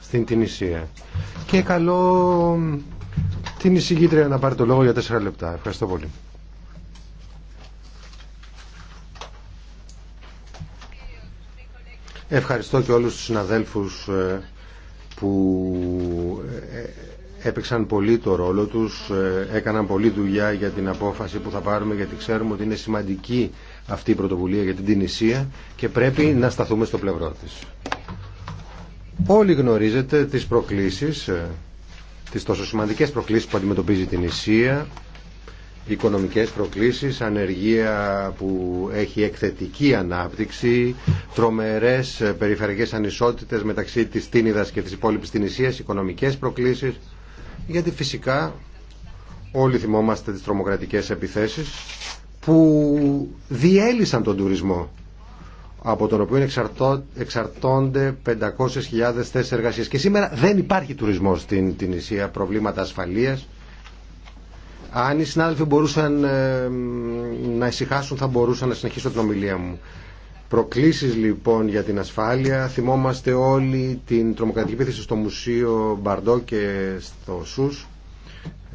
στην Τινησία. Και καλό την εισηγήτρια να πάρει το λόγο για τέσσερα λεπτά. Ευχαριστώ πολύ. Ευχαριστώ και όλους τους συναδέλφους ε, που ε, ε, έπαιξαν πολύ το ρόλο τους, έκαναν πολλή δουλειά για την απόφαση που θα πάρουμε γιατί ξέρουμε ότι είναι σημαντική αυτή η πρωτοβουλία για την Τινησία και πρέπει να σταθούμε στο πλευρό της. Όλοι γνωρίζετε τις προκλήσεις, ε, τις τόσο σημαντικές προκλήσεις που αντιμετωπίζει την Ισία, οικονομικές προκλήσεις, ανεργία που έχει εκθετική ανάπτυξη, τρομερές ε, περιφερειακές ανισότητες μεταξύ της Τίνιδας και της υπόλοιπης ισίας, οικονομικές προκλήσεις, γιατί φυσικά όλοι θυμόμαστε τις τρομοκρατικές επιθέσεις που διέλυσαν τον τουρισμό από τον οποίο εξαρτώνται 500.000 θέσει εργασία. Και σήμερα δεν υπάρχει τουρισμός στην την προβλήματα ασφαλείας. Αν οι συνάδελφοι μπορούσαν ε, να ησυχάσουν θα μπορούσα να συνεχίσω την ομιλία μου. Προκλήσεις λοιπόν για την ασφάλεια. Θυμόμαστε όλοι την τρομοκρατική επίθεση στο Μουσείο Μπαρντό και στο ΣΟΥΣ.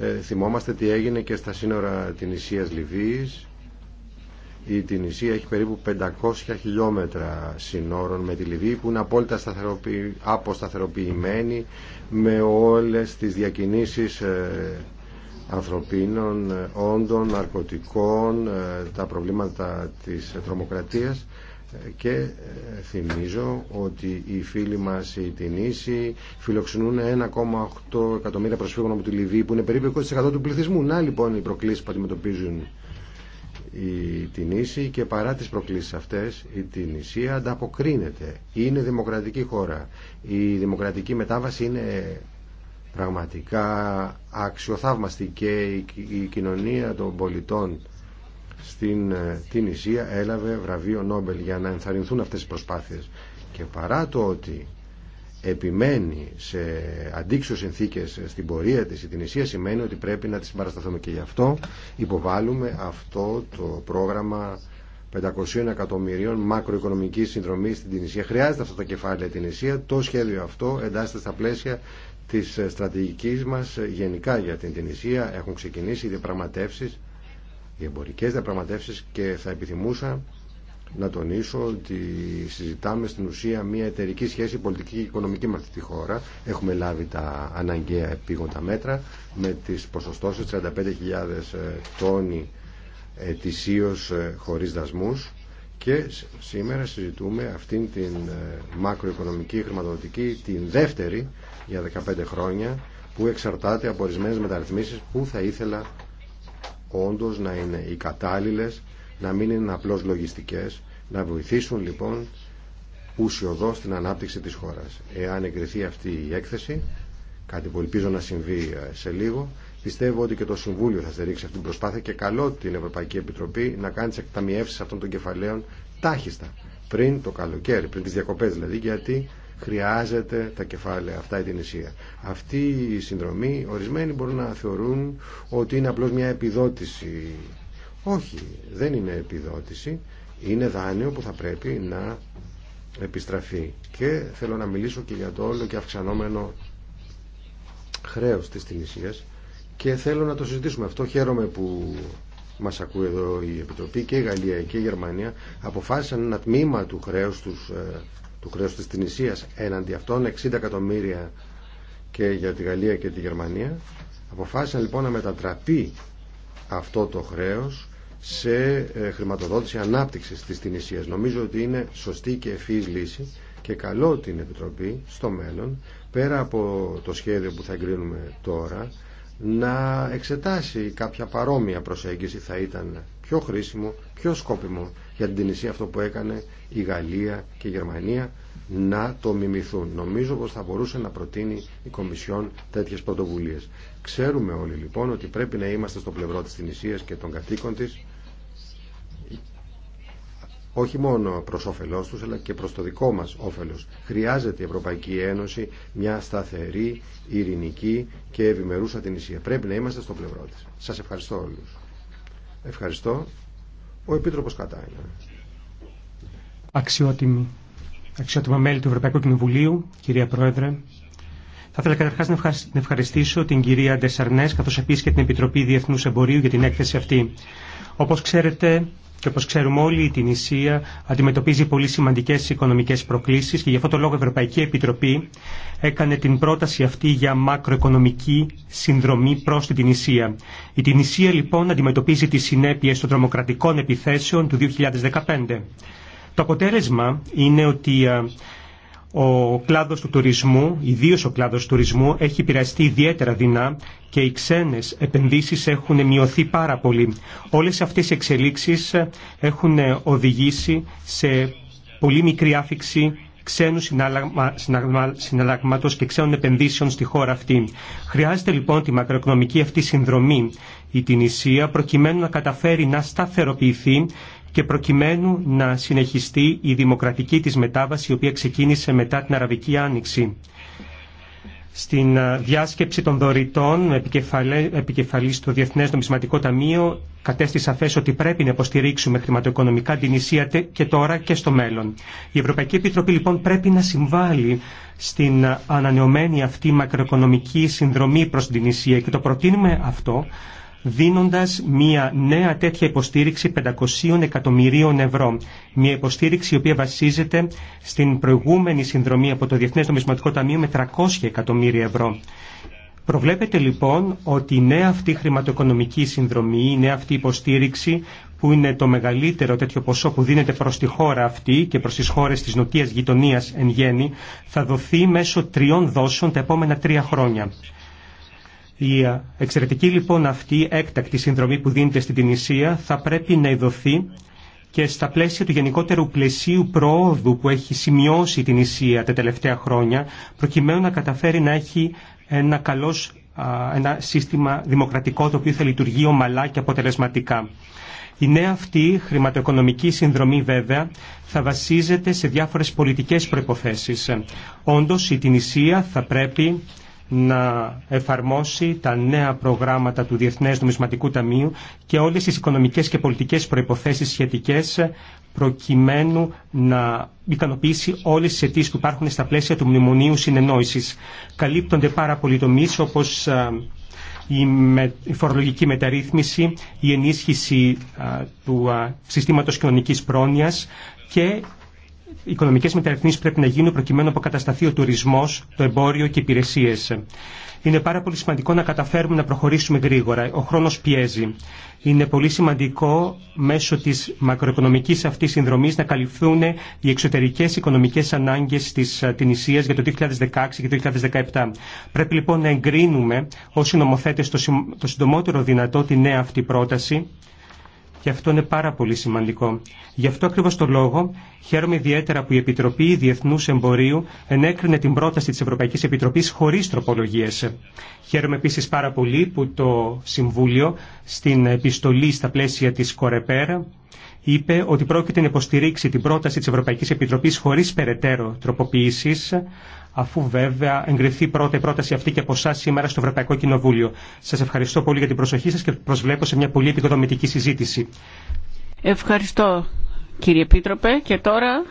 Ε, θυμόμαστε τι έγινε και στα σύνορα την Ισίας Λιβύης η Τινησία έχει περίπου 500 χιλιόμετρα συνόρων με τη Λιβύη που είναι απόλυτα αποσταθεροποιημένη με όλες τις διακινήσεις ε, ανθρωπίνων, ε, όντων, ναρκωτικών, ε, τα προβλήματα της τρομοκρατίας και θυμίζω ότι οι φίλοι μας οι Τινήσοι φιλοξενούν 1,8 εκατομμύρια προσφύγων από τη Λιβύη που είναι περίπου 20% του πληθυσμού. Να λοιπόν οι προκλήσεις που αντιμετωπίζουν η Τινήση και παρά τις προκλήσεις αυτές η Τινησία ανταποκρίνεται είναι δημοκρατική χώρα η δημοκρατική μετάβαση είναι πραγματικά αξιοθαύμαστη και η κοινωνία των πολιτών στην ε, Τινησία έλαβε βραβείο Νόμπελ για να ενθαρρυνθούν αυτές οι προσπάθειες και παρά το ότι επιμένει σε αντίξω συνθήκε στην πορεία τη η Τινησία σημαίνει ότι πρέπει να τη συμπαρασταθούμε και γι' αυτό υποβάλλουμε αυτό το πρόγραμμα 500 εκατομμυρίων μακροοικονομική συνδρομή στην Τινησία. Χρειάζεται αυτό το κεφάλαιο η Τινησία. Το σχέδιο αυτό εντάσσεται στα πλαίσια τη στρατηγική μα γενικά για την Τινησία. Έχουν ξεκινήσει οι διαπραγματεύσει, οι εμπορικέ διαπραγματεύσει και θα επιθυμούσα να τονίσω ότι συζητάμε στην ουσία μια εταιρική σχέση πολιτική και οικονομική με αυτή τη χώρα. Έχουμε λάβει τα αναγκαία επίγοντα μέτρα με τις ποσοστώσεις 35.000 ε, τόνοι ετησίως ε, χωρίς δασμούς και σήμερα συζητούμε αυτήν την ε, μακροοικονομική χρηματοδοτική, την δεύτερη για 15 χρόνια που εξαρτάται από ορισμένε μεταρρυθμίσεις που θα ήθελα όντως να είναι οι κατάλληλες να μην είναι απλώς λογιστικές, να βοηθήσουν λοιπόν ουσιοδό στην ανάπτυξη της χώρας. Εάν εγκριθεί αυτή η έκθεση, κάτι που ελπίζω να συμβεί ε, σε λίγο, πιστεύω ότι και το Συμβούλιο θα στηρίξει αυτή την προσπάθεια και καλό την Ευρωπαϊκή Επιτροπή να κάνει τις εκταμιεύσεις αυτών των κεφαλαίων τάχιστα, πριν το καλοκαίρι, πριν τις διακοπές δηλαδή, γιατί χρειάζεται τα κεφάλαια αυτά η Τινησία. Αυτή η συνδρομή ορισμένοι μπορούν να θεωρούν ότι είναι απλώς μια επιδότηση όχι, δεν είναι επιδότηση, είναι δάνειο που θα πρέπει να επιστραφεί. Και θέλω να μιλήσω και για το όλο και αυξανόμενο χρέος της Τινησίας και θέλω να το συζητήσουμε αυτό. Χαίρομαι που μας ακούει εδώ η Επιτροπή και η Γαλλία και η Γερμανία αποφάσισαν ένα τμήμα του χρέους, τους, ε, του χρέους της Τινησίας έναντι αυτών 60 εκατομμύρια και για τη Γαλλία και τη Γερμανία αποφάσισαν λοιπόν να μετατραπεί αυτό το χρέος σε ε, χρηματοδότηση ανάπτυξης της Τινησία. Νομίζω ότι είναι σωστή και ευφύη λύση και καλό την Επιτροπή στο μέλλον, πέρα από το σχέδιο που θα εγκρίνουμε τώρα, να εξετάσει κάποια παρόμοια προσέγγιση θα ήταν πιο χρήσιμο, πιο σκόπιμο για την Τινησία αυτό που έκανε η Γαλλία και η Γερμανία να το μιμηθούν. Νομίζω πως θα μπορούσε να προτείνει η Κομισιόν τέτοιες πρωτοβουλίες. Ξέρουμε όλοι λοιπόν ότι πρέπει να είμαστε στο πλευρό της Τινησίας και των κατοίκων της όχι μόνο προ οφελό του, αλλά και προ το δικό μας όφελος. Χρειάζεται η Ευρωπαϊκή Ένωση μια σταθερή, ειρηνική και ευημερούσα την Ισία. Πρέπει να είμαστε στο πλευρό της. Σας ευχαριστώ όλου. Ευχαριστώ. Ο επίτροπο Κατάινα. Αξιότιμη. Αξιότιμα μέλη του Ευρωπαϊκού Κοινοβουλίου, κυρία Πρόεδρε, θα ήθελα καταρχά να ευχαριστήσω την κυρία Ντεσαρνέ, καθώ επίση και την Επιτροπή Διεθνού Εμπορίου για την έκθεση αυτή. Όπω ξέρετε, και όπω ξέρουμε όλοι, η Τινησία αντιμετωπίζει πολύ σημαντικέ οικονομικέ προκλήσει και γι' αυτό το λόγο η Ευρωπαϊκή Επιτροπή έκανε την πρόταση αυτή για μακροοικονομική συνδρομή προ την Τινησία. Η Τινησία λοιπόν αντιμετωπίζει τι συνέπειε των τρομοκρατικών επιθέσεων του 2015. Το αποτέλεσμα είναι ότι ο κλάδος του τουρισμού, ιδίω ο κλάδος του τουρισμού, έχει πειραστεί ιδιαίτερα δεινά και οι ξένες επενδύσεις έχουν μειωθεί πάρα πολύ. Όλες αυτές οι εξελίξεις έχουν οδηγήσει σε πολύ μικρή άφηξη ξένου συναλλαγματός και ξένων επενδύσεων στη χώρα αυτή. Χρειάζεται λοιπόν τη μακροοικονομική αυτή συνδρομή η Ισία προκειμένου να καταφέρει να σταθεροποιηθεί και προκειμένου να συνεχιστεί η δημοκρατική της μετάβαση η οποία ξεκίνησε μετά την Αραβική Άνοιξη. Στην ε, διάσκεψη των δωρητών επικεφαλής του Διεθνές Νομισματικό Ταμείο κατέστη σαφέ ότι πρέπει να υποστηρίξουμε χρηματοοικονομικά την Ισία και τώρα και στο μέλλον. Η Ευρωπαϊκή Επιτροπή λοιπόν πρέπει να συμβάλλει στην ε, ανανεωμένη αυτή μακροοικονομική συνδρομή προς την Ισία και το προτείνουμε αυτό δίνοντας μια νέα τέτοια υποστήριξη 500 εκατομμυρίων ευρώ. Μια υποστήριξη η οποία βασίζεται στην προηγούμενη συνδρομή από το Διεθνές Νομισματικό Ταμείο με 300 εκατομμύρια ευρώ. Προβλέπετε λοιπόν ότι η νέα αυτή χρηματοοικονομική συνδρομή, η νέα αυτή υποστήριξη που είναι το μεγαλύτερο τέτοιο ποσό που δίνεται προς τη χώρα αυτή και προς τις χώρες της νοτίας γειτονίας εν γέννη, θα δοθεί μέσω τριών δόσεων τα επόμενα τρία χρόνια. Η εξαιρετική λοιπόν αυτή έκτακτη συνδρομή που δίνεται στην Τινησία θα πρέπει να ειδωθεί και στα πλαίσια του γενικότερου πλαισίου προόδου που έχει σημειώσει την Ισία τα τελευταία χρόνια, προκειμένου να καταφέρει να έχει ένα καλός ένα σύστημα δημοκρατικό το οποίο θα λειτουργεί ομαλά και αποτελεσματικά. Η νέα αυτή χρηματοοικονομική συνδρομή βέβαια θα βασίζεται σε διάφορες πολιτικές προϋποθέσεις. Όντως η Τινησία θα πρέπει να εφαρμόσει τα νέα προγράμματα του Διεθνές Νομισματικού Ταμείου και όλες τις οικονομικές και πολιτικές προϋποθέσεις σχετικές προκειμένου να ικανοποιήσει όλες τις αιτήσεις που υπάρχουν στα πλαίσια του Μνημονίου Συνεννόησης. Καλύπτονται πάρα πολλοί τομείς όπως η φορολογική μεταρρύθμιση, η ενίσχυση του συστήματος κοινωνικής πρόνοιας και οι οικονομικές μεταρρυθμίσεις πρέπει να γίνουν προκειμένου να αποκατασταθεί ο τουρισμός, το εμπόριο και οι υπηρεσίες. Είναι πάρα πολύ σημαντικό να καταφέρουμε να προχωρήσουμε γρήγορα. Ο χρόνος πιέζει. Είναι πολύ σημαντικό μέσω της μακροοικονομικής αυτής συνδρομής να καλυφθούν οι εξωτερικές οικονομικές ανάγκες της ε, Τινησίας για το 2016 και το 2017. Πρέπει λοιπόν να εγκρίνουμε όσοι νομοθέτες το συντομότερο δυνατό τη νέα αυτή πρόταση και αυτό είναι πάρα πολύ σημαντικό. Γι' αυτό ακριβώ το λόγο χαίρομαι ιδιαίτερα που η Επιτροπή Διεθνού Εμπορίου ενέκρινε την πρόταση τη Ευρωπαϊκή Επιτροπή χωρί τροπολογίε. Χαίρομαι επίση πάρα πολύ που το Συμβούλιο στην επιστολή στα πλαίσια τη Κορεπέρα είπε ότι πρόκειται να υποστηρίξει την πρόταση τη Ευρωπαϊκή Επιτροπή χωρί περαιτέρω τροποποιήσει αφού βέβαια εγκριθεί πρώτα η πρόταση αυτή και από εσά σήμερα στο Ευρωπαϊκό Κοινοβούλιο. Σα ευχαριστώ πολύ για την προσοχή σα και προσβλέπω σε μια πολύ επικοδομητική συζήτηση. Ευχαριστώ κύριε Επίτροπε και τώρα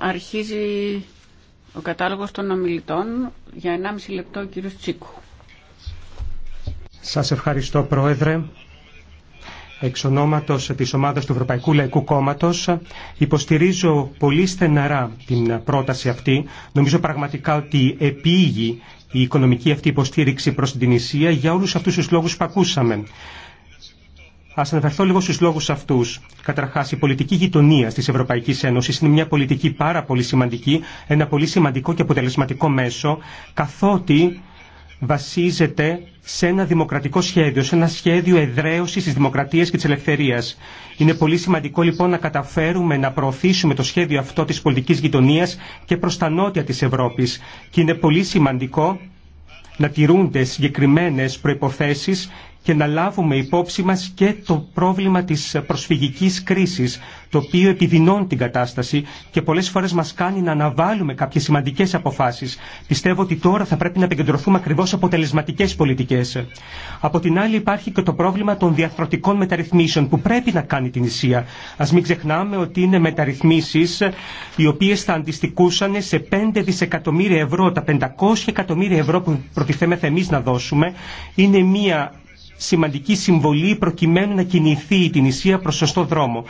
αρχίζει ο κατάλογος των ομιλητών για 1,5 λεπτό ο κύριος Τσίκου. Σας ευχαριστώ Πρόεδρε εξ ονόματος της ομάδας του Ευρωπαϊκού Λαϊκού Κόμματος. Υποστηρίζω πολύ στεναρά την πρόταση αυτή. Νομίζω πραγματικά ότι επίγει η οικονομική αυτή υποστήριξη προς την Ισία για όλους αυτούς τους λόγους που ακούσαμε. Ας αναφερθώ λίγο στους λόγους αυτούς. Καταρχάς, η πολιτική γειτονία της Ευρωπαϊκής Ένωσης είναι μια πολιτική πάρα πολύ σημαντική, ένα πολύ σημαντικό και αποτελεσματικό μέσο, καθότι βασίζεται σε ένα δημοκρατικό σχέδιο, σε ένα σχέδιο εδραίωσης τη δημοκρατία και τη ελευθερία. Είναι πολύ σημαντικό λοιπόν να καταφέρουμε να προωθήσουμε το σχέδιο αυτό της πολιτικής γειτονία και προ τα νότια της Ευρώπης. Και είναι πολύ σημαντικό να τηρούνται συγκεκριμένε προποθέσει και να λάβουμε υπόψη μας και το πρόβλημα της προσφυγικής κρίσης, το οποίο επιδεινώνει την κατάσταση και πολλές φορές μας κάνει να αναβάλουμε κάποιες σημαντικές αποφάσεις. Πιστεύω ότι τώρα θα πρέπει να επικεντρωθούμε ακριβώς σε αποτελεσματικές πολιτικές. Από την άλλη υπάρχει και το πρόβλημα των διαθροτικών μεταρρυθμίσεων που πρέπει να κάνει την Ισία. Ας μην ξεχνάμε ότι είναι μεταρρυθμίσεις οι οποίες θα αντιστοιχούσαν σε 5 δισεκατομμύρια ευρώ. Τα 500 εκατομμύρια ευρώ που προτιθέμεθα εμείς να δώσουμε είναι μια σημαντική συμβολή προκειμένου να κινηθεί η Τινησία προς σωστό δρόμο.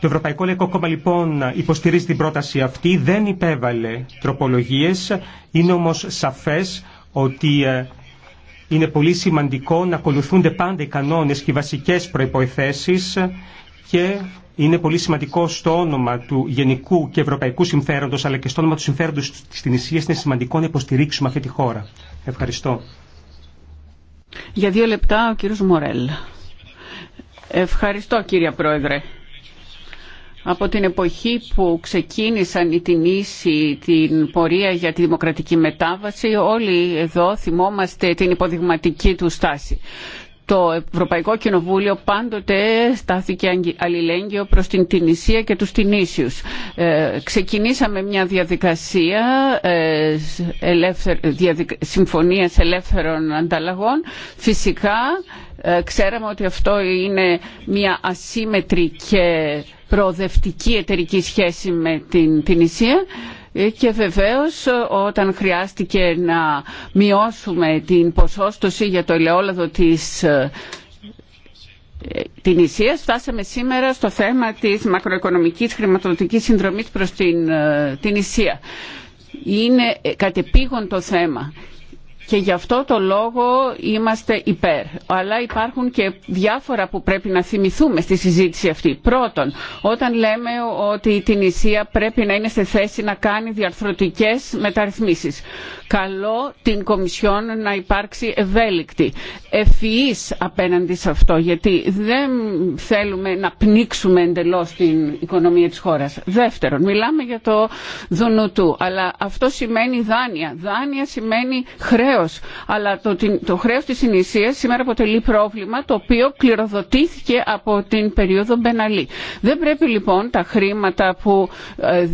Το Ευρωπαϊκό Λαϊκό Κόμμα λοιπόν υποστηρίζει την πρόταση αυτή, δεν υπέβαλε τροπολογίες, είναι όμως σαφές ότι ε, είναι πολύ σημαντικό να ακολουθούνται πάντα οι κανόνες και οι βασικές προϋποθέσεις και είναι πολύ σημαντικό στο όνομα του γενικού και ευρωπαϊκού συμφέροντος αλλά και στο όνομα του συμφέροντος της Τινησίας είναι σημαντικό να υποστηρίξουμε αυτή τη χώρα. Ευχαριστώ. Για δύο λεπτά ο κύριος Μορέλ. Ευχαριστώ κύριε Πρόεδρε. Από την εποχή που ξεκίνησαν οι τινήσοι την πορεία για τη δημοκρατική μετάβαση, όλοι εδώ θυμόμαστε την υποδειγματική του στάση το Ευρωπαϊκό Κοινοβούλιο πάντοτε στάθηκε αλληλέγγυο προς την Τινησία και τους Τινήσιους. Ε, ξεκινήσαμε μια διαδικασία ε, συμφωνίας ελεύθερων ανταλλαγών. Φυσικά ε, ξέραμε ότι αυτό είναι μια ασύμετρη και προοδευτική εταιρική σχέση με την Τινησία και βεβαίως όταν χρειάστηκε να μειώσουμε την ποσόστοση για το ελαιόλαδο της ε, την Ισία φτάσαμε σήμερα στο θέμα της μακροοικονομικής χρηματοδοτικής συνδρομής προς την, ε, την Ισία. Είναι κατεπήγον το θέμα και γι' αυτό το λόγο είμαστε υπέρ. Αλλά υπάρχουν και διάφορα που πρέπει να θυμηθούμε στη συζήτηση αυτή. Πρώτον, όταν λέμε ότι η Τινησία πρέπει να είναι σε θέση να κάνει διαρθρωτικές μεταρρυθμίσεις. Καλό την Κομισιόν να υπάρξει ευέλικτη, ευφυής απέναντι σε αυτό, γιατί δεν θέλουμε να πνίξουμε εντελώς την οικονομία της χώρας. Δεύτερον, μιλάμε για το δουνουτού, αλλά αυτό σημαίνει δάνεια. Δάνεια σημαίνει χρέο αλλά το, το χρέος της Ινησίας σήμερα αποτελεί πρόβλημα το οποίο κληροδοτήθηκε από την περίοδο Μπεναλή. Δεν πρέπει λοιπόν τα χρήματα που ε,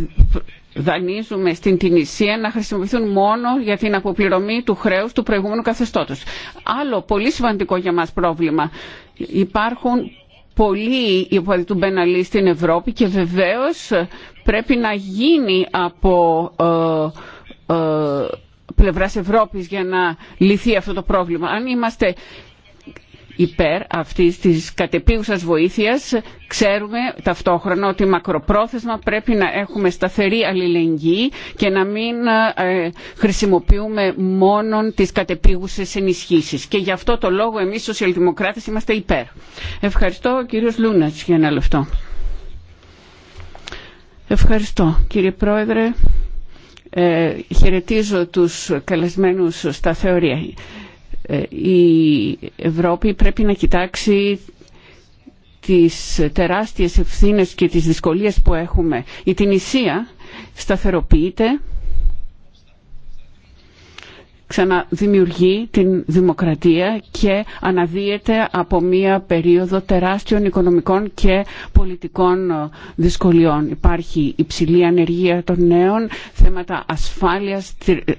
δανείζουμε στην Τινησία να χρησιμοποιηθούν μόνο για την αποπληρωμή του χρέους του προηγούμενου καθεστώτος. Άλλο πολύ σημαντικό για μας πρόβλημα. Υπάρχουν πολλοί υποδοί του Μπεναλή στην Ευρώπη και βεβαίως πρέπει να γίνει από... Ε, ε, πλευράς Ευρώπης για να λυθεί αυτό το πρόβλημα. Αν είμαστε υπέρ αυτής της κατεπίγουσας βοήθειας ξέρουμε ταυτόχρονα ότι μακροπρόθεσμα πρέπει να έχουμε σταθερή αλληλεγγύη και να μην ε, χρησιμοποιούμε μόνο τις κατεπίγουσες ενισχύσεις. Και γι' αυτό το λόγο εμείς σοσιαλδημοκράτες είμαστε υπέρ. Ευχαριστώ κύριος Λούνατς για ένα λεπτό. Ευχαριστώ κύριε Πρόεδρε. Ε, χαιρετίζω τους καλεσμένους στα θεωρία. Ε, η Ευρώπη πρέπει να κοιτάξει τις τεράστιες ευθύνες και τις δυσκολίες που έχουμε. Η Τινησία σταθεροποιείται ξαναδημιουργεί την δημοκρατία και αναδύεται από μία περίοδο τεράστιων οικονομικών και πολιτικών ε, δυσκολιών. Υπάρχει υψηλή ανεργία των νέων, θέματα ασφάλειας,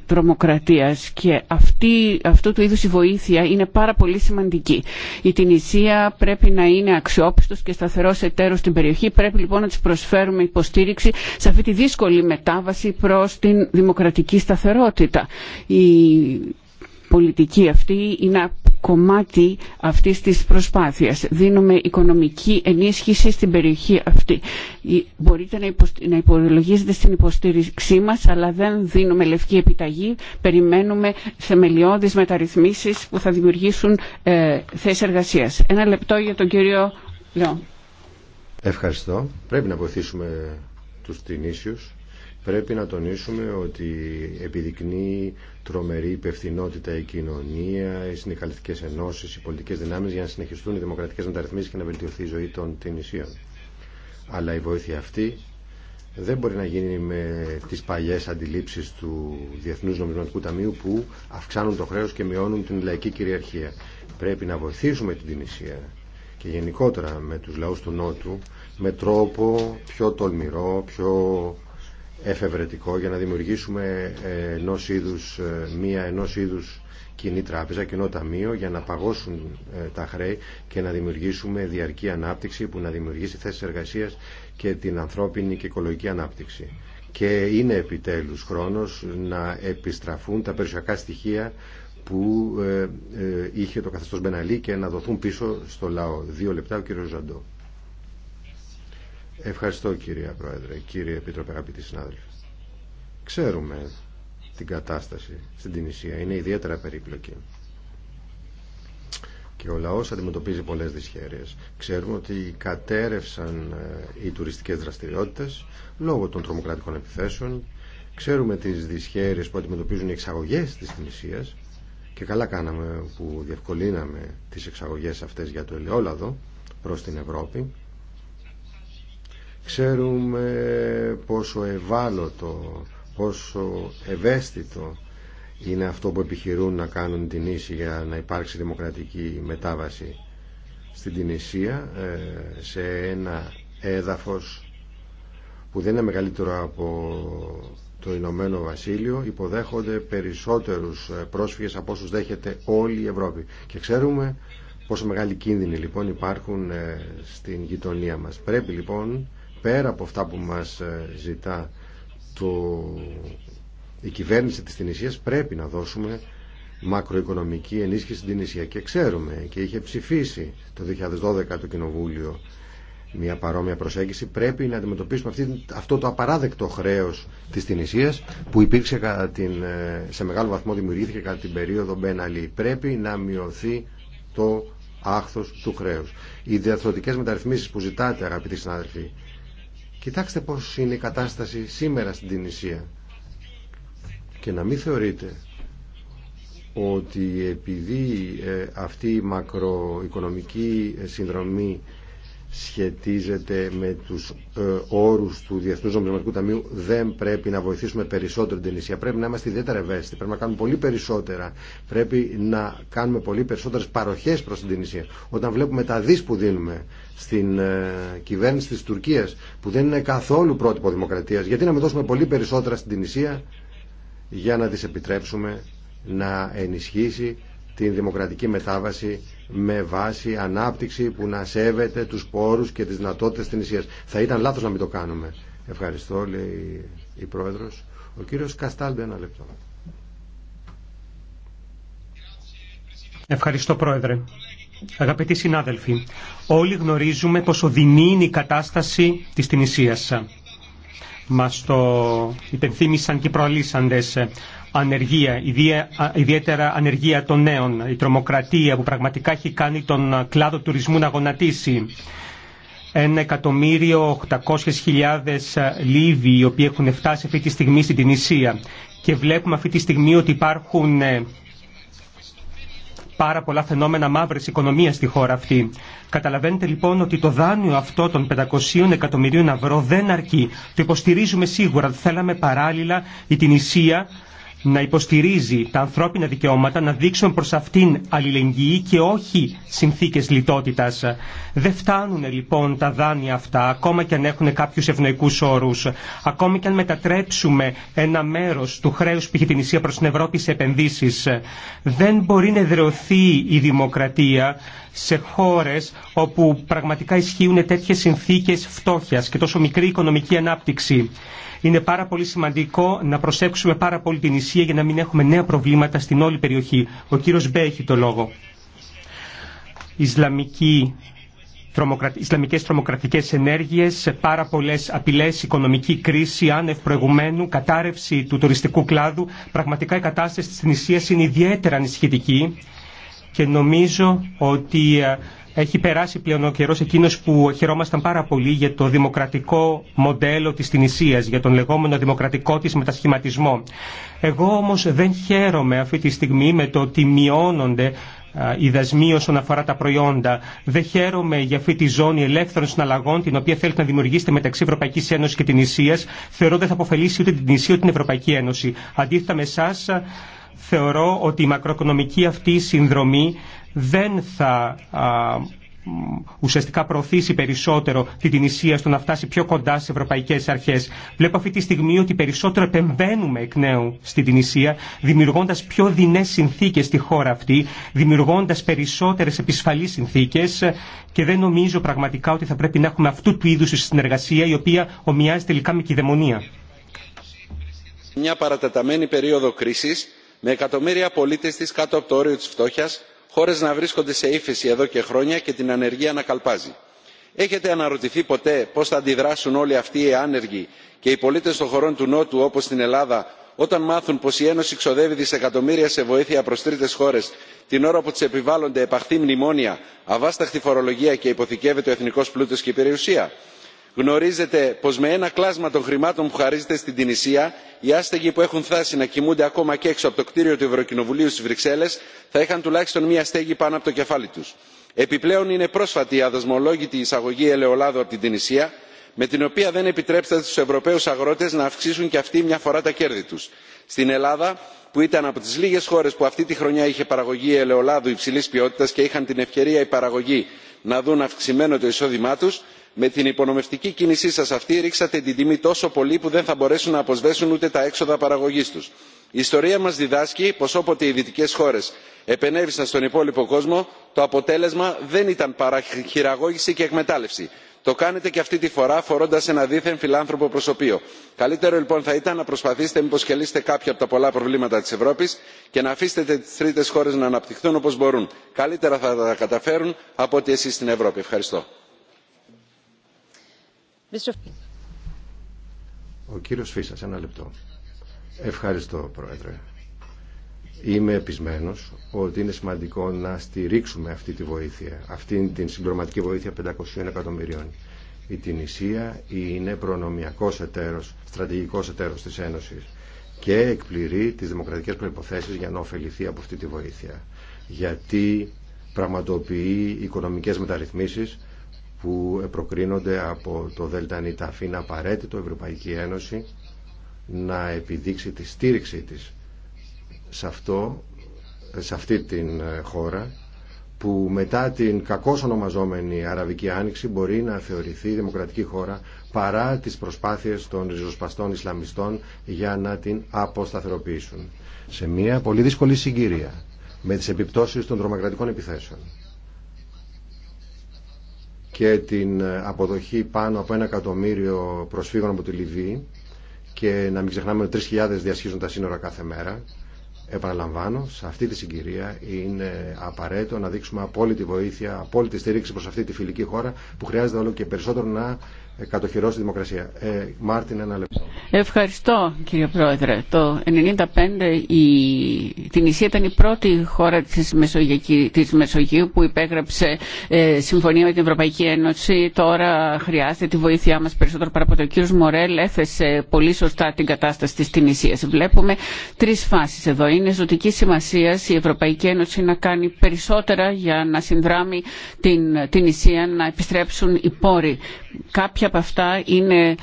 τρομοκρατίας και αυτή, αυτού του είδους η βοήθεια είναι πάρα πολύ σημαντική. Η Τινησία πρέπει να είναι αξιόπιστος και σταθερός εταίρος στην περιοχή. Πρέπει λοιπόν να της προσφέρουμε υποστήριξη σε αυτή τη δύσκολη μετάβαση προς την δημοκρατική σταθερότητα πολιτική αυτή είναι κομμάτι αυτής της προσπάθειας. Δίνουμε οικονομική ενίσχυση στην περιοχή αυτή. Μπορείτε να υπολογίζετε στην υποστήριξή μας, αλλά δεν δίνουμε λευκή επιταγή. Περιμένουμε θεμελιώδεις μεταρρυθμίσεις που θα δημιουργήσουν ε, θέσεις εργασίας. Ένα λεπτό για τον κύριο Λεό. Ευχαριστώ. Πρέπει να βοηθήσουμε τους τρινήσιους. Πρέπει να τονίσουμε ότι επιδεικνύει τρομερή υπευθυνότητα η κοινωνία, οι συνδικαλιστικές ενώσεις, οι πολιτικές δυνάμεις για να συνεχιστούν οι δημοκρατικές μεταρρυθμίσεις και να βελτιωθεί η ζωή των τυνησίων. Αλλά η βοήθεια αυτή δεν μπορεί να γίνει με τις παλιές αντιλήψεις του Διεθνούς Νομισματικού Ταμείου που αυξάνουν το χρέος και μειώνουν την λαϊκή κυριαρχία. Πρέπει να βοηθήσουμε την Τινησία και γενικότερα με τους λαούς του Νότου με τρόπο πιο τολμηρό, πιο εφευρετικό για να δημιουργήσουμε ε, ενός είδους, ε, μία ενός είδους κοινή τράπεζα, κοινό ταμείο για να παγώσουν ε, τα χρέη και να δημιουργήσουμε διαρκή ανάπτυξη που να δημιουργήσει θέσεις εργασίας και την ανθρώπινη και οικολογική ανάπτυξη. Και είναι επιτέλους χρόνος να επιστραφούν τα περιουσιακά στοιχεία που είχε το καθεστώς Μπεναλή και να δοθούν πίσω στο λαό. Δύο λεπτά ο κύριος Ζαντό. Ευχαριστώ κύριε Πρόεδρε, κύριε Επίτροπε, αγαπητοί συνάδελφοι. Ξέρουμε την κατάσταση στην Τινησία. Είναι ιδιαίτερα περίπλοκη. Και ο λαός αντιμετωπίζει πολλές δυσχέρειες. Ξέρουμε ότι κατέρευσαν ε, οι τουριστικές δραστηριότητες λόγω των τρομοκρατικών επιθέσεων. Ξέρουμε τις δυσχέρειες που αντιμετωπίζουν οι εξαγωγές της Τινησίας και καλά κάναμε που διευκολύναμε τις εξαγωγές αυτές για το ελαιόλαδο προς την Ευρώπη Ξέρουμε πόσο ευάλωτο, πόσο ευαίσθητο είναι αυτό που επιχειρούν να κάνουν την ίση για να υπάρξει δημοκρατική μετάβαση στην Τινησία ε, σε ένα έδαφος που δεν είναι μεγαλύτερο από το Ηνωμένο Βασίλειο υποδέχονται περισσότερους ε, πρόσφυγες από όσους δέχεται όλη η Ευρώπη. Και ξέρουμε πόσο μεγάλη κίνδυνοι λοιπόν υπάρχουν ε, στην γειτονία μας. Πρέπει λοιπόν πέρα από αυτά που μας ε, ζητά το... η κυβέρνηση της Τινησίας πρέπει να δώσουμε μακροοικονομική ενίσχυση στην Τινησία και ξέρουμε και είχε ψηφίσει το 2012 το Κοινοβούλιο μια παρόμοια προσέγγιση πρέπει να αντιμετωπίσουμε αυτό το απαράδεκτο χρέος της Τινησίας που υπήρξε κατά την, ε, σε μεγάλο βαθμό δημιουργήθηκε κατά την περίοδο Μπέναλη πρέπει να μειωθεί το άχθος του χρέους οι διαθροτικές μεταρρυθμίσεις που ζητάτε αγαπητοί συνάδελφοι Κοιτάξτε πώς είναι η κατάσταση σήμερα στην Τινησία και να μην θεωρείτε ότι επειδή ε, αυτή η μακροοικονομική συνδρομή σχετίζεται με τους ε, όρους του Διεθνούς Νομισματικού Ταμείου δεν πρέπει να βοηθήσουμε περισσότερο την Τινησία. Πρέπει να είμαστε ιδιαίτερα ευαίσθητοι, πρέπει να κάνουμε πολύ περισσότερα, πρέπει να κάνουμε πολύ περισσότερες παροχές προς την Τινησία. Όταν βλέπουμε τα δις που δίνουμε στην ε, κυβέρνηση της Τουρκίας που δεν είναι καθόλου πρότυπο δημοκρατίας, γιατί να μην δώσουμε πολύ περισσότερα στην Τινησία για να της επιτρέψουμε να ενισχύσει την δημοκρατική μετάβαση με βάση ανάπτυξη που να σέβεται τους πόρους και τις δυνατότητες της νησίας. Θα ήταν λάθος να μην το κάνουμε. Ευχαριστώ, λέει η Πρόεδρος. Ο κύριος Καστάλντο, ένα λεπτό. Ευχαριστώ, Πρόεδρε. Αγαπητοί συνάδελφοι, όλοι γνωρίζουμε πόσο δεινή είναι η κατάσταση της νησίας. Μας το υπενθύμησαν και οι προαλήσαντες ανεργία, ιδιαίτερα ανεργία των νέων, η τρομοκρατία που πραγματικά έχει κάνει τον κλάδο τουρισμού να γονατίσει. 1.800.000 Λίβοι οι οποίοι έχουν φτάσει αυτή τη στιγμή στην Τινησία και βλέπουμε αυτή τη στιγμή ότι υπάρχουν ε, πάρα πολλά φαινόμενα μαύρης οικονομίας στη χώρα αυτή. Καταλαβαίνετε λοιπόν ότι το δάνειο αυτό των 500 εκατομμυρίων ευρώ δεν αρκεί. Το υποστηρίζουμε σίγουρα. Θέλαμε παράλληλα η Τινησία να υποστηρίζει τα ανθρώπινα δικαιώματα, να δείξουμε προς αυτήν αλληλεγγύη και όχι συνθήκες λιτότητας. Δεν φτάνουν λοιπόν τα δάνεια αυτά, ακόμα και αν έχουν κάποιους ευνοϊκούς όρους, ακόμα και αν μετατρέψουμε ένα μέρος του χρέους που έχει την Ισία προς την Ευρώπη σε επενδύσεις. Δεν μπορεί να εδρεωθεί η δημοκρατία σε χώρες όπου πραγματικά ισχύουν τέτοιες συνθήκες φτώχειας και τόσο μικρή οικονομική ανάπτυξη. Είναι πάρα πολύ σημαντικό να προσέξουμε πάρα πολύ την Ισία για να μην έχουμε νέα προβλήματα στην όλη περιοχή. Ο κύριος Μπέ έχει το λόγο. Ισλαμική Ισλαμικές τρομοκρατικές ενέργειες, πάρα πολλές απειλές, οικονομική κρίση, άνευ προηγουμένου, κατάρρευση του τουριστικού κλάδου. Πραγματικά η κατάσταση της νησίας είναι ιδιαίτερα ανησυχητική και νομίζω ότι ε, έχει περάσει πλέον ο καιρό εκείνο που χαιρόμασταν πάρα πολύ για το δημοκρατικό μοντέλο τη Τινησία, για τον λεγόμενο δημοκρατικό τη μετασχηματισμό. Εγώ όμω δεν χαίρομαι αυτή τη στιγμή με το ότι μειώνονται οι δασμοί όσον αφορά τα προϊόντα. Δεν χαίρομαι για αυτή τη ζώνη ελεύθερων συναλλαγών, την οποία θέλετε να δημιουργήσετε μεταξύ Ευρωπαϊκή Ένωση και την Ισία. Θεωρώ δεν θα αποφελήσει ούτε την Τινησία ούτε την Ευρωπαϊκή Ένωση. Αντίθετα με εσά, θεωρώ ότι η μακροοικονομική αυτή συνδρομή δεν θα ουσιαστικά προωθήσει περισσότερο την Ισία στο να φτάσει πιο κοντά στι ευρωπαϊκέ αρχέ. Βλέπω αυτή τη στιγμή ότι περισσότερο επεμβαίνουμε εκ νέου στην Ισία δημιουργώντα πιο δεινέ συνθήκε στη χώρα αυτή, δημιουργώντα περισσότερε επισφαλεί συνθήκε και δεν νομίζω πραγματικά ότι θα πρέπει να έχουμε αυτού του είδου συνεργασία η οποία ομοιάζει τελικά με κυδαιμονία. Μια παρατεταμένη περίοδο κρίσης με εκατομμύρια πολίτε τη κάτω από το όριο τη φτώχεια χώρε να βρίσκονται σε ύφεση εδώ και χρόνια και την ανεργία να καλπάζει. έχετε αναρωτηθεί ποτέ πώ θα αντιδράσουν όλοι αυτοί οι άνεργοι και οι πολίτε των χωρών του νότου όπω στην ελλάδα όταν μάθουν πω η ένωση ξοδεύει δισεκατομμύρια σε βοήθεια προ τρίτε χώρε την ώρα που τι επιβάλλονται επαχθή μνημόνια αβάσταχτη φορολογία και υποθηκεύεται ο εθνικό πλούτο και η περιουσία; γνωρίζετε πως με ένα κλάσμα των χρημάτων που χαρίζεται στην τινησία οι άστεγοι που έχουν φτάσει να κοιμούνται ακόμα και έξω από το κτίριο του ευρωκοινοβουλίου στις βρυξέλλες θα είχαν τουλάχιστον μία στέγη πάνω από το κεφάλι τους. επιπλέον είναι πρόσφατη η αδοσμολόγητη εισαγωγή ελαιολάδου από την τινησία με την οποία δεν επιτρέψατε στους ευρωπαίους αγρότες να αυξήσουν και αυτοί μια φορά τα κέρδη τους. στην ελλάδα που ήταν από τις λίγες χώρες που αυτή τη χρονιά είχε παραγωγή ελαιολάδου υψηλή ποιότητας και είχαν την ευκαιρία η παραγωγοί να δουν αυξημένο το εισόδημά τους με την υπονομευτική κίνησή σας αυτή ρίξατε την τιμή τόσο πολύ που δεν θα μπορέσουν να αποσβέσουν ούτε τα έξοδα παραγωγής τους. η ιστορία μας διδάσκει πως όποτε οι δυτικές χώρες επενέβησαν στον υπόλοιπο κόσμο το αποτέλεσμα δεν ήταν παρά χειραγώγηση και εκμετάλλευση. Το κάνετε και αυτή τη φορά φορώντα ένα δίθεν φιλάνθρωπο προσωπείο. Καλύτερο λοιπόν θα ήταν να προσπαθήσετε μήπω και κάποια από τα πολλά προβλήματα τη Ευρώπη και να αφήσετε τι τρίτε χώρε να αναπτυχθούν όπω μπορούν. Καλύτερα θα τα καταφέρουν από ότι εσεί στην Ευρώπη. Ευχαριστώ. Ο κύριος Φίσας, ένα λεπτό. Ευχαριστώ, Πρόεδρε. Είμαι επισμένος ότι είναι σημαντικό να στηρίξουμε αυτή τη βοήθεια, αυτή την συμπληρωματική βοήθεια 500 εκατομμυρίων. Η Τινησία είναι προνομιακός εταίρος, στρατηγικός εταίρος της Ένωσης και εκπληρεί τις δημοκρατικές προϋποθέσεις για να ωφεληθεί από αυτή τη βοήθεια. Γιατί πραγματοποιεί οικονομικές μεταρρυθμίσεις που προκρίνονται από το ΔΝΤ είναι απαραίτητο Ευρωπαϊκή Ένωση να επιδείξει τη στήριξή της σε, αυτό, σε αυτή την ε, χώρα που μετά την κακώς ονομαζόμενη Αραβική Άνοιξη μπορεί να θεωρηθεί δημοκρατική χώρα παρά τις προσπάθειες των ριζοσπαστών Ισλαμιστών για να την αποσταθεροποιήσουν. Σε μια πολύ δύσκολη συγκυρία με τις επιπτώσεις των τρομακρατικών επιθέσεων και την ε, αποδοχή πάνω από ένα εκατομμύριο προσφύγων από τη Λιβύη και να μην ξεχνάμε ότι 3.000 διασχίζουν τα σύνορα κάθε μέρα. Επαναλαμβάνω, σε αυτή τη συγκυρία είναι απαραίτητο να δείξουμε απόλυτη βοήθεια, απόλυτη στήριξη προς αυτή τη φιλική χώρα που χρειάζεται όλο και περισσότερο να κατοχυρώσει τη Ε, Μάρτιν, ένα Ευχαριστώ κύριε Πρόεδρε. Το 1995 η... την ήταν η πρώτη χώρα της, Μεσογείου που υπέγραψε ε, συμφωνία με την Ευρωπαϊκή Ένωση. Τώρα χρειάζεται τη βοήθειά μας περισσότερο παρά από Ο κύριο Μορέλ έθεσε πολύ σωστά την κατάσταση της την Βλέπουμε τρεις φάσεις εδώ. Είναι ζωτική σημασία η Ευρωπαϊκή Ένωση να κάνει περισσότερα για να συνδράμει την, την Ισία να επιστρέψουν οι πόροι. Κάποια από αυτά είναι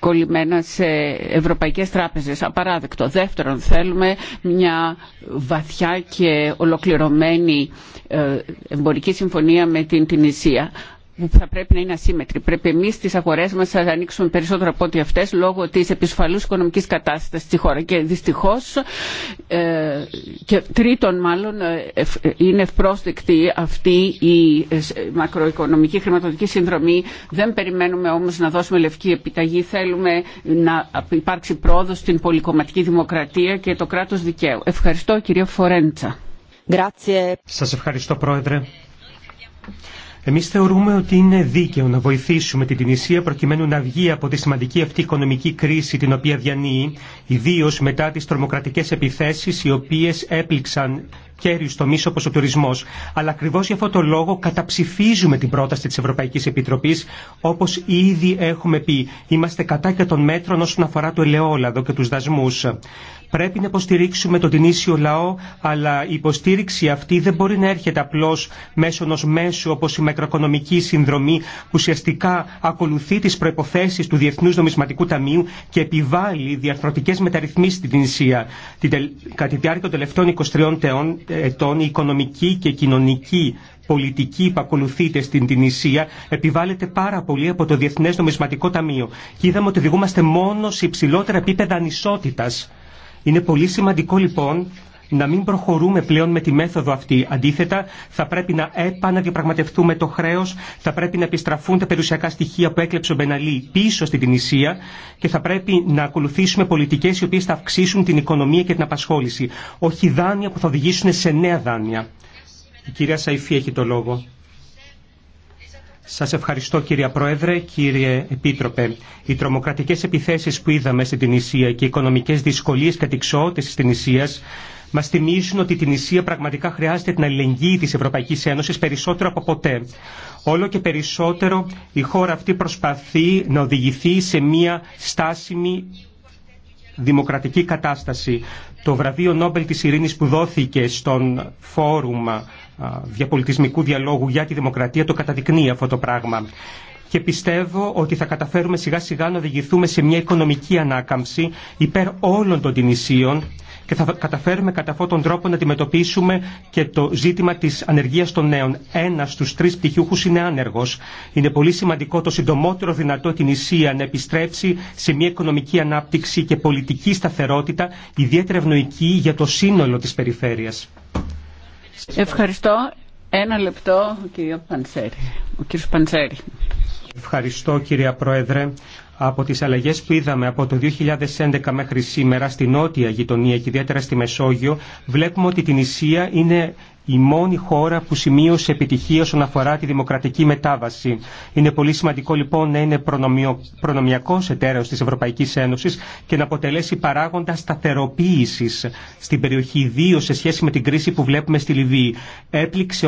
κολλημένα σε ευρωπαϊκές τράπεζες. Απαράδεκτο. Δεύτερον, θέλουμε μια βαθιά και ολοκληρωμένη ε, εμπορική συμφωνία με την Τινησία θα πρέπει να είναι ασύμετροι. Πρέπει εμεί τι αγορέ μα να ανοίξουμε περισσότερο από ό,τι αυτέ λόγω τη επισφαλού οικονομική κατάσταση στη χώρα. Και δυστυχώ, ε, και τρίτον μάλλον, ε, ε, είναι ευπρόσδεκτη αυτή η μακροοικονομική χρηματοδοτική συνδρομή. Δεν περιμένουμε όμω να δώσουμε λευκή επιταγή. Θέλουμε να υπάρξει πρόοδο στην πολυκομματική δημοκρατία και το κράτο δικαίου. Ευχαριστώ, κυρία Φορέντσα. Σα ευχαριστώ, Πρόεδρε. Εμεί θεωρούμε ότι είναι δίκαιο να βοηθήσουμε την Τινησία προκειμένου να βγει από τη σημαντική αυτή οικονομική κρίση την οποία διανύει, ιδίω μετά τι τρομοκρατικέ επιθέσει οι οποίε έπληξαν κέριου τομεί όπω ο τουρισμό. Αλλά ακριβώ για αυτό το λόγο καταψηφίζουμε την πρόταση τη Ευρωπαϊκή Επιτροπή. Όπω ήδη έχουμε πει, είμαστε κατά και των μέτρων όσον αφορά το ελαιόλαδο και του δασμού. Πρέπει να υποστηρίξουμε τον τινήσιο λαό, αλλά η υποστήριξη αυτή δεν μπορεί να έρχεται απλώ μέσω ενό μέσου όπω η μακροοικονομική συνδρομή, που ουσιαστικά ακολουθεί τι προποθέσει του Διεθνού Νομισματικού Ταμείου και επιβάλλει διαρθρωτικέ μεταρρυθμίσει στην Τινησία. Κατά τη διάρκεια των τελευταίων 23 ετών, ε, ετών η οικονομική και κοινωνική πολιτική που ακολουθείται στην Τινησία επιβάλλεται πάρα πολύ από το Διεθνέ Νομισματικό Ταμείο. Και είδαμε ότι οδηγούμαστε μόνο σε υψηλότερα επίπεδα ανισότητα. Είναι πολύ σημαντικό λοιπόν να μην προχωρούμε πλέον με τη μέθοδο αυτή. Αντίθετα, θα πρέπει να επαναδιαπραγματευτούμε το χρέο, θα πρέπει να επιστραφούν τα περιουσιακά στοιχεία που έκλεψε ο Μπεναλή πίσω στην Τινησία και θα πρέπει να ακολουθήσουμε πολιτικέ οι οποίε θα αυξήσουν την οικονομία και την απασχόληση. Όχι δάνεια που θα οδηγήσουν σε νέα δάνεια. Η κυρία Σαϊφή έχει το λόγο. Σας ευχαριστώ κύριε Πρόεδρε, κύριε Επίτροπε. Οι τρομοκρατικές επιθέσεις που είδαμε στην Τινησία και οι οικονομικές δυσκολίες και της Τινησίας Μα θυμίζουν ότι η Ισία πραγματικά χρειάζεται την αλληλεγγύη τη Ευρωπαϊκή Ένωση περισσότερο από ποτέ. Όλο και περισσότερο η χώρα αυτή προσπαθεί να οδηγηθεί σε μια στάσιμη δημοκρατική κατάσταση. Το βραβείο Νόμπελ της Ειρήνης που δόθηκε στον φόρουμ διαπολιτισμικού διαλόγου για τη δημοκρατία το καταδεικνύει αυτό το πράγμα. Και πιστεύω ότι θα καταφέρουμε σιγά σιγά να οδηγηθούμε σε μια οικονομική ανάκαμψη υπέρ όλων των τιμησίων και θα καταφέρουμε κατά αυτόν τον τρόπο να αντιμετωπίσουμε και το ζήτημα τη ανεργία των νέων. Ένα στου τρει πτυχιούχου είναι άνεργο. Είναι πολύ σημαντικό το συντομότερο δυνατό την Ισία να επιστρέψει σε μια οικονομική ανάπτυξη και πολιτική σταθερότητα, ιδιαίτερα ευνοϊκή για το σύνολο τη περιφέρεια. Ευχαριστώ. Ένα λεπτό, κύριο Παντσέρη. Ο κύριος Παντσέρη. Ευχαριστώ, κυρία Πρόεδρε από τις αλλαγές που είδαμε από το 2011 μέχρι σήμερα στην νότια γειτονία και ιδιαίτερα στη Μεσόγειο, βλέπουμε ότι την Ισία είναι η μόνη χώρα που σημείωσε επιτυχία όσον αφορά τη δημοκρατική μετάβαση. Είναι πολύ σημαντικό λοιπόν να είναι προνομιακός εταίρος της Ευρωπαϊκής Ένωσης και να αποτελέσει παράγοντα σταθεροποίηση στην περιοχή, ιδίω σε σχέση με την κρίση που βλέπουμε στη Λιβύη. Έπληξε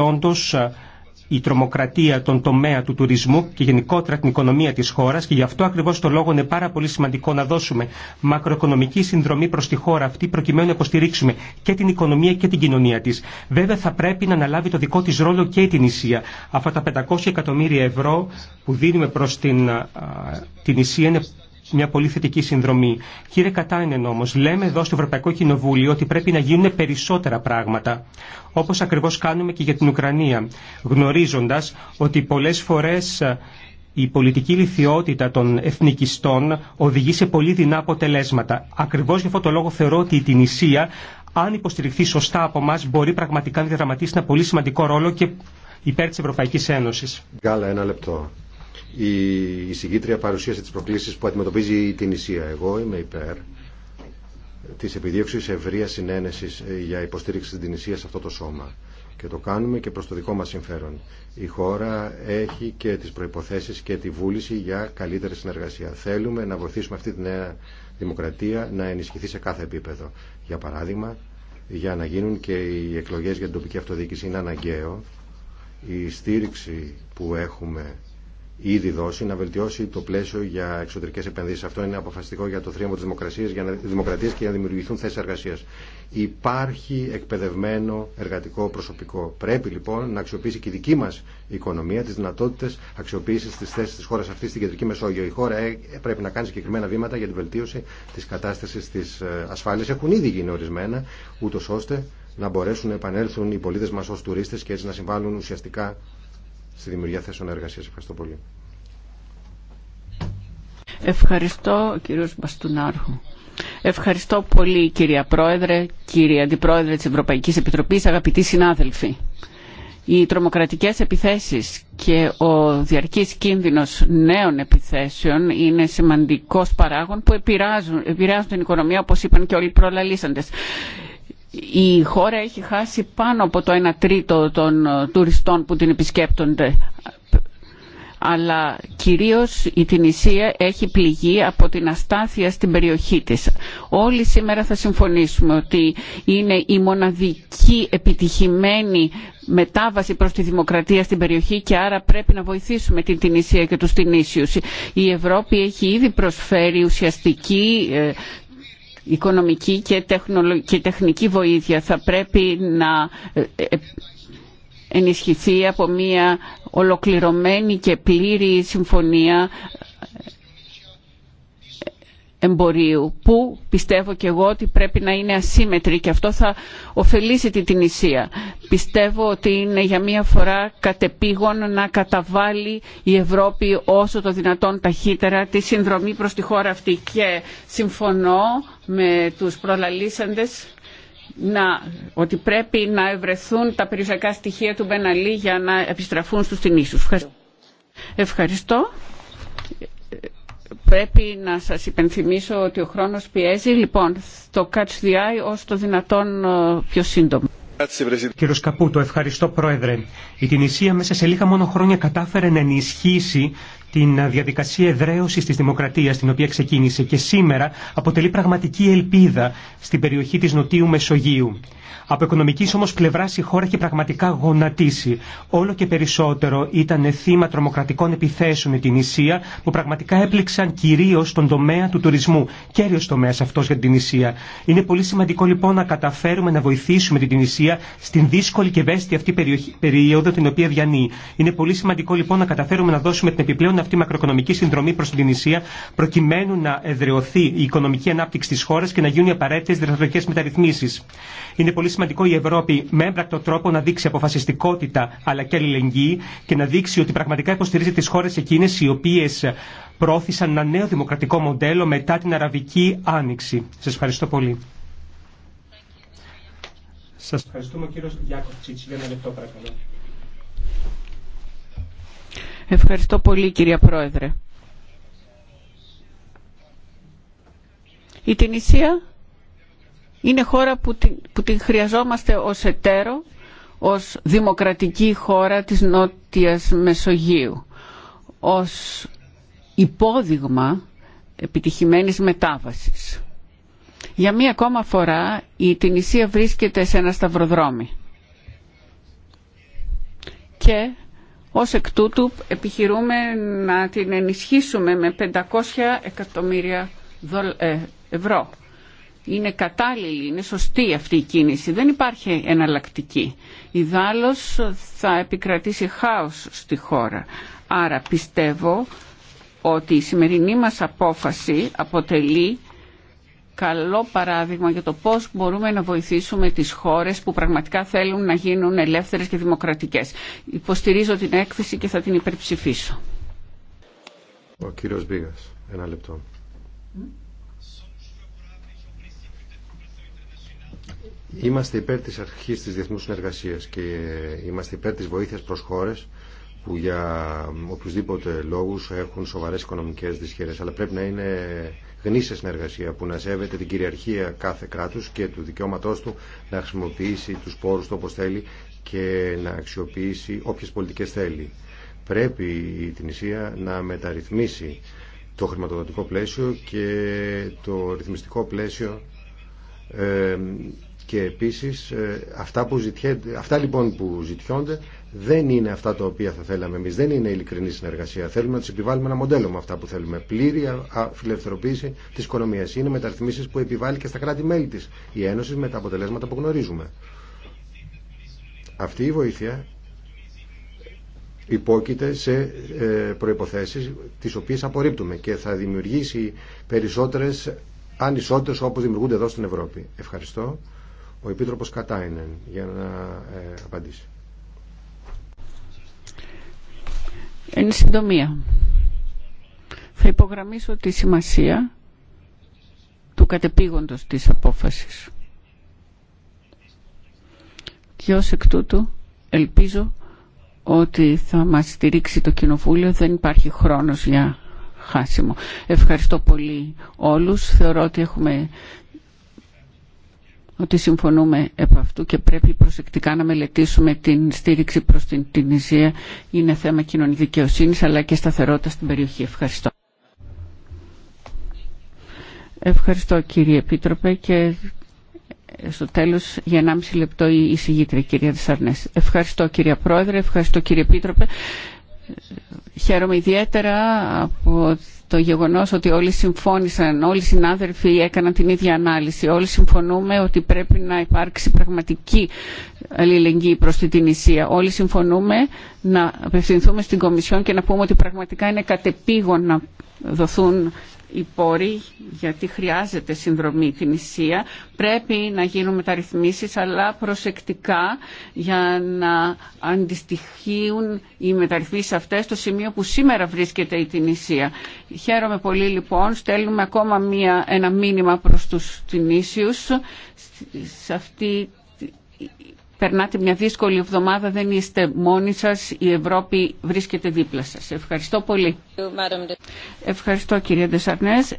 η τρομοκρατία τον τομέα του τουρισμού και γενικότερα την οικονομία της χώρας και γι' αυτό ακριβώς το λόγο είναι πάρα πολύ σημαντικό να δώσουμε μακροοικονομική συνδρομή προς τη χώρα αυτή προκειμένου να υποστηρίξουμε και την οικονομία και την κοινωνία της. Βέβαια θα πρέπει να αναλάβει το δικό της ρόλο και την Ισία. Αυτά τα 500 εκατομμύρια ευρώ που δίνουμε προς την, την Ισία είναι μια πολύ θετική συνδρομή. Κύριε Κατάινεν όμω, λέμε εδώ στο Ευρωπαϊκό Κοινοβούλιο ότι πρέπει να γίνουν περισσότερα πράγματα. Όπω ακριβώ κάνουμε και για την Ουκρανία. Γνωρίζοντα ότι πολλέ φορέ ε, η πολιτική λυθιότητα των εθνικιστών οδηγεί σε πολύ δεινά αποτελέσματα. Ακριβώ γι' αυτό το λόγο θεωρώ ότι η Τινησία, αν υποστηριχθεί σωστά από εμά, μπορεί πραγματικά να διαδραματίσει ένα πολύ σημαντικό ρόλο και υπέρ τη Ευρωπαϊκή Ένωση. Γκάλα, λεπτό. Η εισηγήτρια παρουσίασε τις προκλήσεις που αντιμετωπίζει η Τινησία. Εγώ είμαι υπέρ της επιδίωξης ευρεία συνένεσης ε, για υποστήριξη της Τινησίας σε αυτό το σώμα. Και το κάνουμε και προς το δικό μας συμφέρον. Η χώρα έχει και τις προϋποθέσεις και τη βούληση για καλύτερη συνεργασία. Θέλουμε να βοηθήσουμε αυτή τη νέα δημοκρατία να ενισχυθεί σε κάθε επίπεδο. Για παράδειγμα, για να γίνουν και οι εκλογές για την τοπική αυτοδιοίκηση είναι αναγκαίο. Η στήριξη που έχουμε ήδη δώσει να βελτιώσει το πλαίσιο για εξωτερικέ επενδύσει. Αυτό είναι αποφασιστικό για το θρίαμβο τη δημοκρατία και για να δημιουργηθούν θέσει εργασία. Υπάρχει εκπαιδευμένο εργατικό προσωπικό. Πρέπει λοιπόν να αξιοποιήσει και η δική μα οικονομία τι δυνατότητε αξιοποίηση τη θέση τη χώρα αυτή στην κεντρική Μεσόγειο. Η χώρα ε, πρέπει να κάνει συγκεκριμένα βήματα για την βελτίωση τη κατάσταση τη ε, ασφάλεια. Έχουν ήδη γίνει ορισμένα, ούτω ώστε να μπορέσουν να επανέλθουν οι πολίτε μα ω τουρίστε και έτσι να συμβάλλουν ουσιαστικά στη δημιουργία θέσεων εργασία. Ευχαριστώ πολύ. Ευχαριστώ κύριος Μπαστουνάρχου. Ευχαριστώ πολύ κυρία Πρόεδρε, κύριε Αντιπρόεδρε της Ευρωπαϊκής Επιτροπής, αγαπητοί συνάδελφοι. Οι τρομοκρατικές επιθέσεις και ο διαρκής κίνδυνος νέων επιθέσεων είναι σημαντικός παράγων που επηρεάζουν, την οικονομία όπως είπαν και όλοι οι προλαλήσαντες η χώρα έχει χάσει πάνω από το 1 τρίτο των ε, τουριστών που την επισκέπτονται αλλά κυρίως η Τινησία έχει πληγεί από την αστάθεια στην περιοχή της. Όλοι σήμερα θα συμφωνήσουμε ότι είναι η μοναδική επιτυχημένη μετάβαση προς τη δημοκρατία στην περιοχή και άρα πρέπει να βοηθήσουμε την Τινησία και τους Τινήσιους. Η Ευρώπη έχει ήδη προσφέρει ουσιαστική ε, οικονομική και, τεχνική βοήθεια θα πρέπει να ε, ε, ενισχυθεί από μια ολοκληρωμένη και πλήρη συμφωνία ε, εμπορίου που πιστεύω και εγώ ότι πρέπει να είναι ασύμετρη και αυτό θα ωφελήσει την Τινησία. Πιστεύω ότι είναι για μία φορά κατεπήγον να καταβάλει η Ευρώπη όσο το δυνατόν ταχύτερα τη συνδρομή προς τη χώρα αυτή και συμφωνώ με τους προλαλήσαντες να, ότι πρέπει να ευρεθούν τα περιουσιακά στοιχεία του Μπεναλή για να επιστραφούν στους τινήσους. Ευχαριστώ. Ευχαριστώ. Πρέπει να σας υπενθυμίσω ότι ο χρόνος πιέζει. Λοιπόν, το catch the eye ως το δυνατόν ε, πιο σύντομο. Κύριο Καπούτο, ευχαριστώ Πρόεδρε. Η Τινησία μέσα σε λίγα μόνο χρόνια κατάφερε να ενισχύσει την διαδικασία εδραίωσης της δημοκρατίας την οποία ξεκίνησε και σήμερα αποτελεί πραγματική ελπίδα στην περιοχή της Νοτίου Μεσογείου. Από οικονομική όμω πλευρά η χώρα έχει πραγματικά γονατίσει. Όλο και περισσότερο ήταν θύμα τρομοκρατικών επιθέσεων με την Ισία που πραγματικά έπληξαν κυρίω τον τομέα του τουρισμού. Κέριο τομέα αυτό για την Ισία. Είναι πολύ σημαντικό λοιπόν να καταφέρουμε να βοηθήσουμε την Ισία στην δύσκολη και ευαίσθητη αυτή περίοδο την οποία διανύει. Είναι πολύ σημαντικό λοιπόν να καταφέρουμε να δώσουμε την επιπλέον αυτή μακροοικονομική συνδρομή προ την Τινησία προκειμένου να εδρεωθεί η οικονομική ανάπτυξη τη χώρα και να γίνουν οι απαραίτητε μεταρρυθμίσει. Είναι πολύ σημαντικό η Ευρώπη με έμπρακτο τρόπο να δείξει αποφασιστικότητα αλλά και αλληλεγγύη και να δείξει ότι πραγματικά υποστηρίζει τι χώρε εκείνε οι οποίε πρόθυσαν ένα νέο δημοκρατικό μοντέλο μετά την Αραβική Άνοιξη. Σα ευχαριστώ πολύ. Τσίτσι, για λεπτό, παρακαλώ. Ευχαριστώ πολύ, κυρία Πρόεδρε. Η Τινησία είναι χώρα που την, που την χρειαζόμαστε ως εταίρο, ως δημοκρατική χώρα της Νότιας Μεσογείου, ως υπόδειγμα επιτυχημένης μετάβασης. Για μία ακόμα φορά η Τινησία βρίσκεται σε ένα σταυροδρόμι και ως εκ τούτου επιχειρούμε να την ενισχύσουμε με 500 εκατομμύρια ε, ευρώ είναι κατάλληλη, είναι σωστή αυτή η κίνηση. Δεν υπάρχει εναλλακτική. δάλος θα επικρατήσει χάος στη χώρα. Άρα πιστεύω ότι η σημερινή μας απόφαση αποτελεί καλό παράδειγμα για το πώς μπορούμε να βοηθήσουμε τις χώρες που πραγματικά θέλουν να γίνουν ελεύθερες και δημοκρατικές. Υποστηρίζω την έκθεση και θα την υπερψηφίσω. Ο Είμαστε υπέρ της αρχής της διεθνούς συνεργασίας και είμαστε υπέρ της βοήθειας προς χώρες που για οποιουσδήποτε λόγους έχουν σοβαρές οικονομικές δυσχέρειες. Αλλά πρέπει να είναι γνήσια συνεργασία που να σέβεται την κυριαρχία κάθε κράτους και του δικαιώματός του να χρησιμοποιήσει τους πόρους του όπως θέλει και να αξιοποιήσει όποιες πολιτικές θέλει. Πρέπει η Τινησία να μεταρρυθμίσει το χρηματοδοτικό πλαίσιο και το ρυθμιστικό πλαίσιο ε, και επίσης ε, αυτά, που αυτά λοιπόν που ζητιώνται δεν είναι αυτά τα οποία θα θέλαμε εμείς, δεν είναι ειλικρινή συνεργασία. Θέλουμε να τις επιβάλλουμε ένα μοντέλο με αυτά που θέλουμε. Πλήρη αφιλευθεροποίηση της οικονομίας. Είναι μεταρρυθμίσεις που επιβάλλει και στα κράτη-μέλη της η Ένωση με τα αποτελέσματα που γνωρίζουμε. Αυτή η βοήθεια υπόκειται σε ε, προϋποθέσεις τις οποίες απορρίπτουμε και θα δημιουργήσει περισσότερες ανισότητες όπως δημιουργούνται εδώ στην Ευρώπη. Ευχαριστώ ο Επίτροπος Κατάινεν για να ε, απαντήσει. Είναι συντομία, θα υπογραμμίσω τη σημασία του κατεπήγοντος της απόφασης. Και ως εκ τούτου ελπίζω ότι θα μας στηρίξει το Κοινοβούλιο. Δεν υπάρχει χρόνος για χάσιμο. Ευχαριστώ πολύ όλους. Θεωρώ ότι έχουμε ότι συμφωνούμε επ' αυτού και πρέπει προσεκτικά να μελετήσουμε την στήριξη προς την Τινησία. Είναι θέμα κοινωνικής δικαιοσύνης αλλά και σταθερότητα στην περιοχή. Ευχαριστώ. Ευχαριστώ κύριε Επίτροπε και στο τέλος για 1,5 λεπτό η εισηγήτρια κυρία Δησαρνές. Ευχαριστώ κύριε Πρόεδρε, ευχαριστώ κύριε Επίτροπε. Χαίρομαι ιδιαίτερα από το γεγονός ότι όλοι συμφώνησαν, όλοι οι συνάδελφοι έκαναν την ίδια ανάλυση. Όλοι συμφωνούμε ότι πρέπει να υπάρξει πραγματική αλληλεγγύη προς την Ισία, Όλοι συμφωνούμε να απευθυνθούμε στην Κομισιόν και να πούμε ότι πραγματικά είναι κατεπήγον να δοθούν οι πόροι γιατί χρειάζεται συνδρομή την Ισία. Πρέπει να γίνουν μεταρρυθμίσεις αλλά προσεκτικά για να αντιστοιχείουν οι μεταρρυθμίσεις αυτές στο σημείο που σήμερα βρίσκεται η Τινησία. Χαίρομαι πολύ λοιπόν. Στέλνουμε ακόμα μία, ένα μήνυμα προς τους Τινήσιους σε αυτή περνάτε μια δύσκολη εβδομάδα, δεν είστε μόνοι σας, η Ευρώπη βρίσκεται δίπλα σας. Ευχαριστώ πολύ. Ευχαριστώ κυρία Ντεσαρνές.